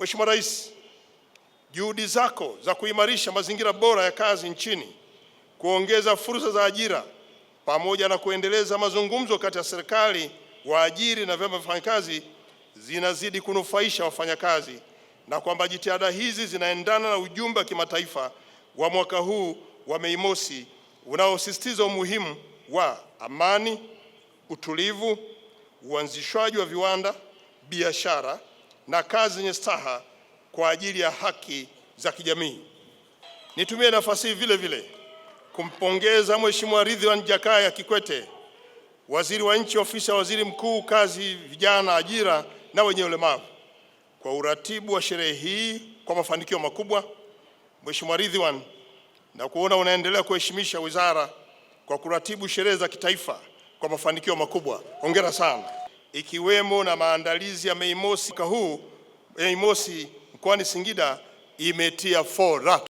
Mheshimiwa Rais, juhudi zako za kuimarisha mazingira bora ya kazi nchini, kuongeza fursa za ajira pamoja na kuendeleza mazungumzo kati ya serikali, waajiri na vyama vya wafanyakazi zinazidi kunufaisha wafanyakazi na kwamba jitihada hizi zinaendana na ujumbe wa kimataifa wa mwaka huu wa Mei Mosi unaosisitiza umuhimu wa amani, utulivu, uanzishwaji wa viwanda, biashara na kazi zenye staha kwa ajili ya haki za kijamii. Nitumie nafasi hii vile vile kumpongeza Mheshimiwa Ridhiwani Jakaya Kikwete, waziri wa nchi ofisi ya waziri mkuu, kazi, vijana, ajira na wenye ulemavu kwa uratibu wa sherehe hii kwa mafanikio makubwa. Mheshimiwa Ridhiwani, na kuona unaendelea kuheshimisha wizara kwa kuratibu sherehe za kitaifa kwa mafanikio makubwa. Hongera sana ikiwemo na maandalizi ya Mei Mosi mwaka huu, Mei Mosi mkoani Singida imetia fora.